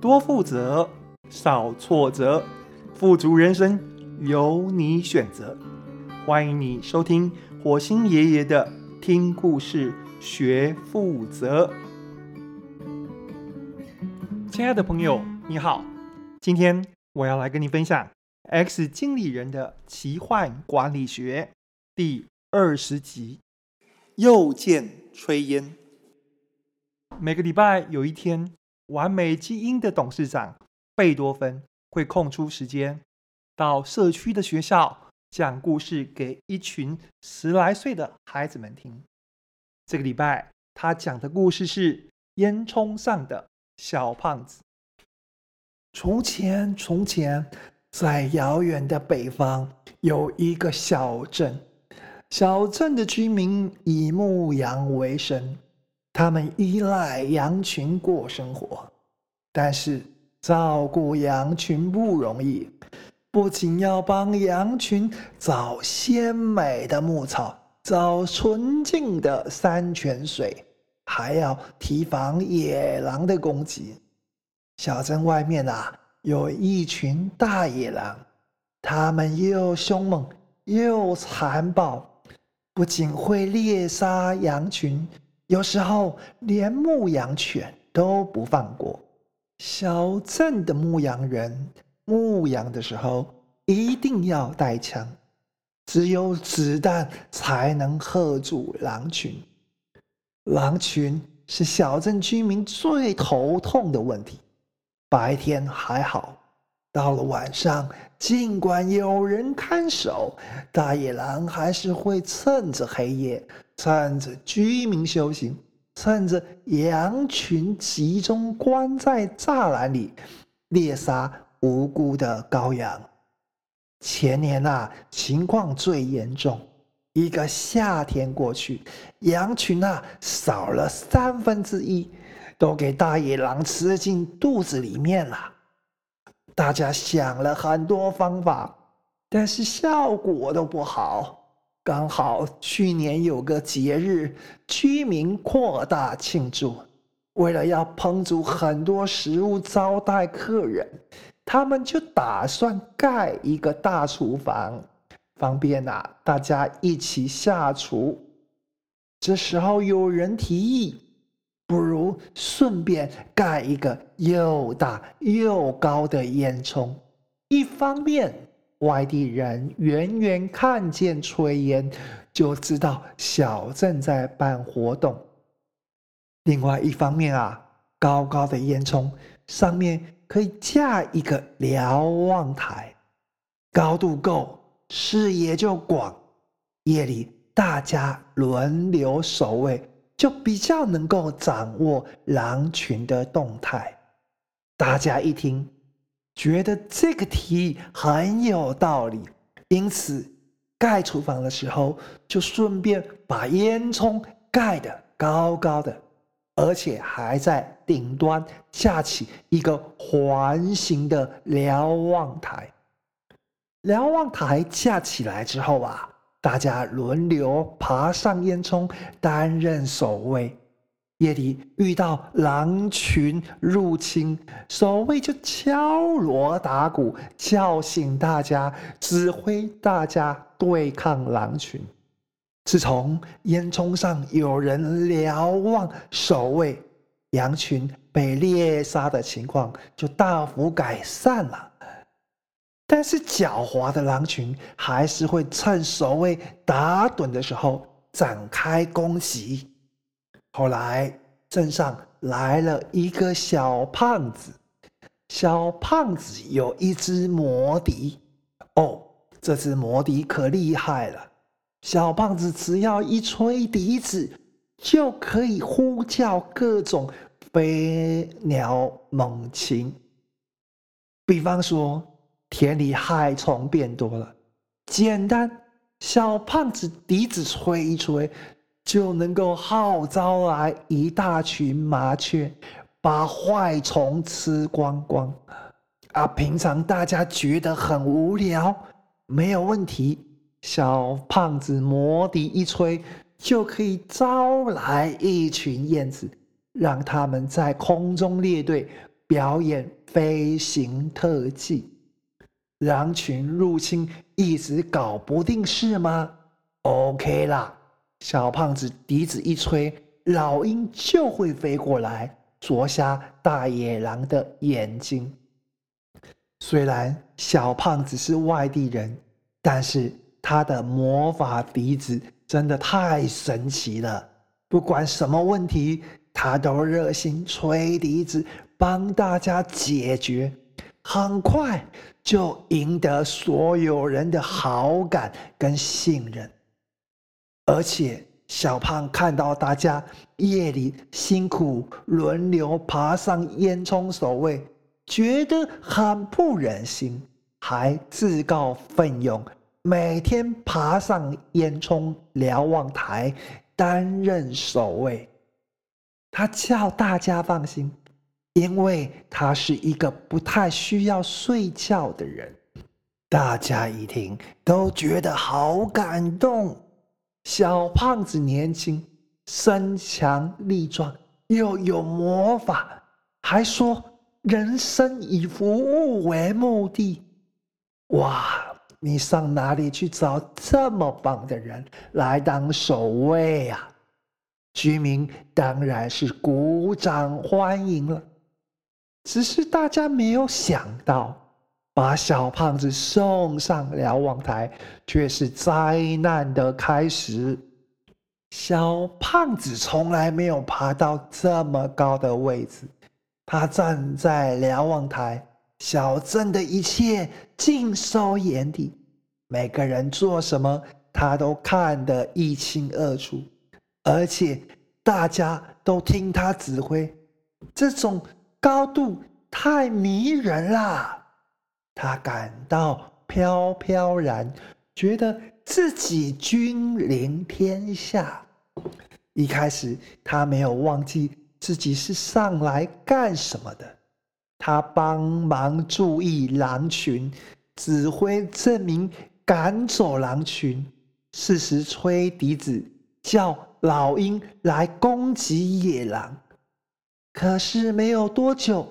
多富擇，少挫折，富足人生由你選擇。歡迎你收聽火星爺爺的《聽故事學富擇》。親愛的朋友，你好，今天我要來跟你分享《X 經理人的奇幻管理學》第二十集《又見炊煙》。每個禮拜有一天，完美基因的董事長貝多芬會空出時間，到社區的學校講故事給一群十來歲的孩子們聽。這個禮拜他講的故事是《煙囪上的小胖子》。從前，從前，在遙遠的北方有一個小鎮，小鎮的居民以牧羊為生。他們依賴羊群過生活，但是照顧羊群不容易，不僅要幫羊群找鮮美的牧草，找純淨的山泉水，還要提防野狼的攻擊。小鎮外面啊，有一群大野狼，他們又兇猛又殘暴，不僅會獵殺羊群。有時候連牧羊犬都不放過。小鎮的牧羊人牧羊的時候一定要帶槍，只有子彈才能嚇住狼群。狼群是小鎮居民最頭痛的問題，白天還好。到了晚上，儘管有人看守，大野狼還是會趁着黑夜，趁着居民休息，趁着羊群集中關在柵欄裡，獵殺無辜的羔羊。前年啊，情況最嚴重，一個夏天過去，羊群啊少了三分之一，都給大野狼吃進肚子裡面了。大家想了很多方法，但是效果都不好。剛好去年有個節日，居民擴大慶祝，為了要烹煮很多食物招待客人，他們就打算蓋一個大廚房，方便啊大家一起下廚。這時候有人提議，不如順便蓋一個又大又高的煙囪，一方面外地人遠遠看見炊煙，就知道小鎮在辦活動；另外一方面啊，高高的煙囪上面可以架一個瞭望台，高度夠，視野就廣。夜裡大家輪流守衛。就比較能夠掌握狼群的動態，大家一聽覺得這個提議很有道理，因此蓋廚房的時候就順便把煙囪蓋得高高的，而且還在頂端架起一個環形的瞭望台。瞭望台架起來之後啊。大家輪流爬上煙囪擔任守衛，夜裡遇到狼群入侵，守衛就敲鑼打鼓，叫醒大家，指揮大家對抗狼群。自從煙囪上有人瞭望守衛，羊群被獵殺的情況就大幅改善了。但是狡猾的狼群還是會趁守衛打盹的時候展開攻擊。後來鎮上來了一個小胖子，小胖子有一支魔笛。哦，這支魔笛可厲害了，小胖子只要一吹笛子，就可以呼叫各種飛鳥猛禽，比方說。田裡害蟲變多了，簡單，小胖子笛子吹一吹，就能夠號召來一大群麻雀，把壞蟲吃光光。啊，平常大家覺得很無聊，沒有問題，小胖子魔笛一吹，就可以招來一群燕子，讓他們在空中列隊表演飛行特技。狼群入侵，一直搞不定是嗎？OK 啦，小胖子笛子一吹，老鷹就會飛過來，啄瞎大野狼的眼睛。雖然小胖子是外地人，但是他的魔法笛子真的太神奇了。不管什麼問題，他都熱心吹笛子，幫大家解決。很快就贏得所有人的好感跟信任，而且小胖看到大家夜裡辛苦輪流爬上煙囪守衛，覺得很不忍心，還自告奮勇，每天爬上煙囪瞭望台擔任守衛。他叫大家放心。因為他是一個不太需要睡覺的人，大家一聽都覺得好感動。小胖子年輕，身強力壯，又有魔法，還說人生以服務為目的。哇，你上哪裡去找這麼棒的人來當守衛呀、啊？居民當然是鼓掌歡迎了。只是大家沒有想到，把小胖子送上瞭望臺，卻是災難的開始。小胖子從來沒有爬到這麼高的位置，他站在瞭望臺，小鎮的一切盡收眼底，每個人做什麼，他都看得一清二楚，而且大家都聽他指揮。這種高度太迷人了，他感到飄飄然，覺得自己君臨天下。一開始，他沒有忘記自己是上來幹什麼的。他幫忙注意狼群，指揮鎮民趕走狼群，適時吹笛子叫老鷹來攻擊野狼。可是沒有多久，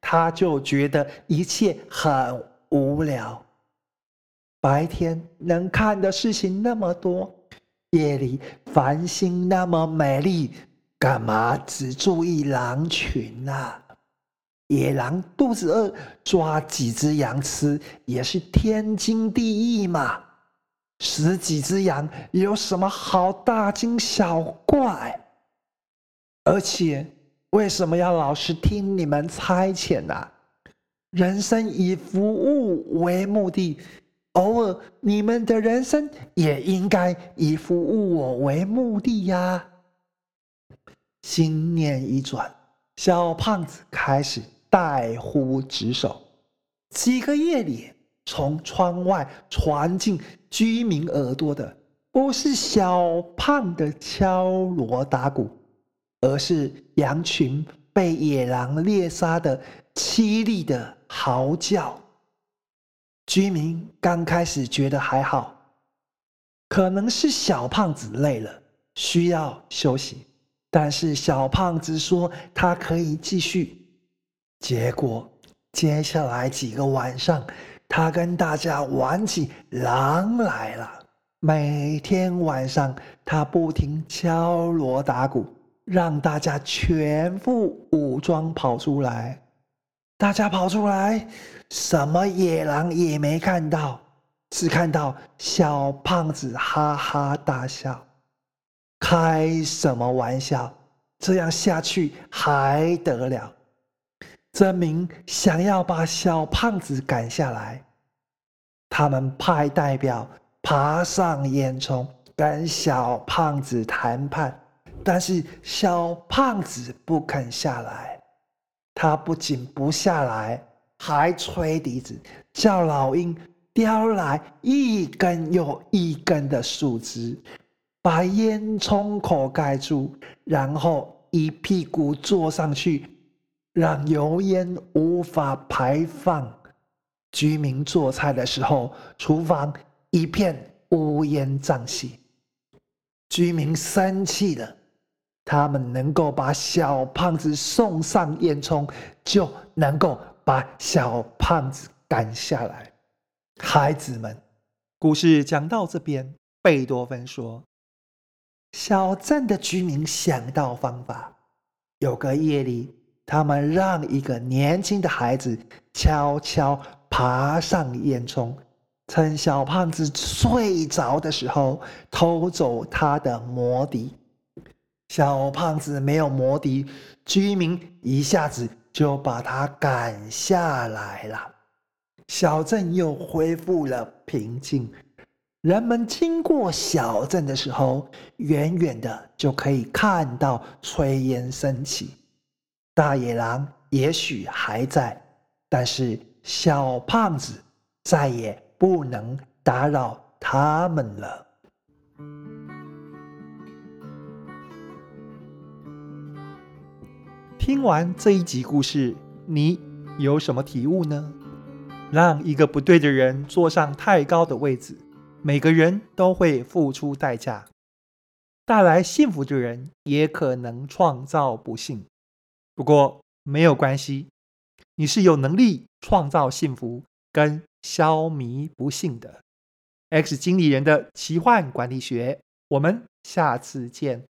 他就覺得一切很無聊。白天能看的事情那麼多，夜裡繁星那麼美麗，幹嘛只注意狼群呢、啊？野狼肚子餓，抓幾隻羊吃也是天經地義嘛。十幾隻羊有什麼好大驚小怪？而且。為什麼要老是聽你們差遣呢？人生以服務為目的，偶爾你們的人生也應該以服務我為目的呀。心念一轉，小胖子開始怠忽職守。幾個夜裡，從窗外傳進居民耳朵的，不是小胖的敲鑼打鼓，而是羊群被野狼獵殺的淒厲的嚎叫。居民剛開始覺得還好，可能是小胖子累了，需要休息。但是小胖子說他可以繼續。結果接下來幾個晚上，他跟大家玩起狼來了。每天晚上，他不停敲鑼打鼓。讓大家全副武裝跑出來，大家跑出來，什麼野狼也沒看到，只看到小胖子哈哈大笑。開什麼玩笑？這樣下去還得了？鎮民想要把小胖子趕下來，他們派代表爬上煙囪跟小胖子談判。但是小胖子不肯下來，他不僅不下來，還吹笛子，叫老鷹叼來一根又一根的樹枝，把煙囪口蓋住，然後一屁股坐上去，讓油煙無法排放。居民做菜的時候，廚房一片烏煙瘴氣，居民生氣了。他們能夠把小胖子送上煙囪，就能夠把小胖子趕下來。孩子們，故事講到這邊，貝多芬說：“小鎮的居民想到方法，有個夜裡，他們讓一個年輕的孩子悄悄爬上煙囪，趁小胖子睡着的時候偷走他的魔笛。”小胖子沒有魔笛，居民一下子就把他趕下來了。小鎮又恢復了平靜。人們經過小鎮的時候，遠遠的就可以看到炊煙升起。大野狼也許還在，但是小胖子再也不能打擾他們了。聽完這一集故事，你有什麼體悟呢？讓一個不對的人坐上太高的位置，每個人都會付出代價。帶來幸福的人也可能創造不幸，不過沒有關係，你是有能力創造幸福跟消弭不幸的。X 經理人的奇幻管理學，我們下次見。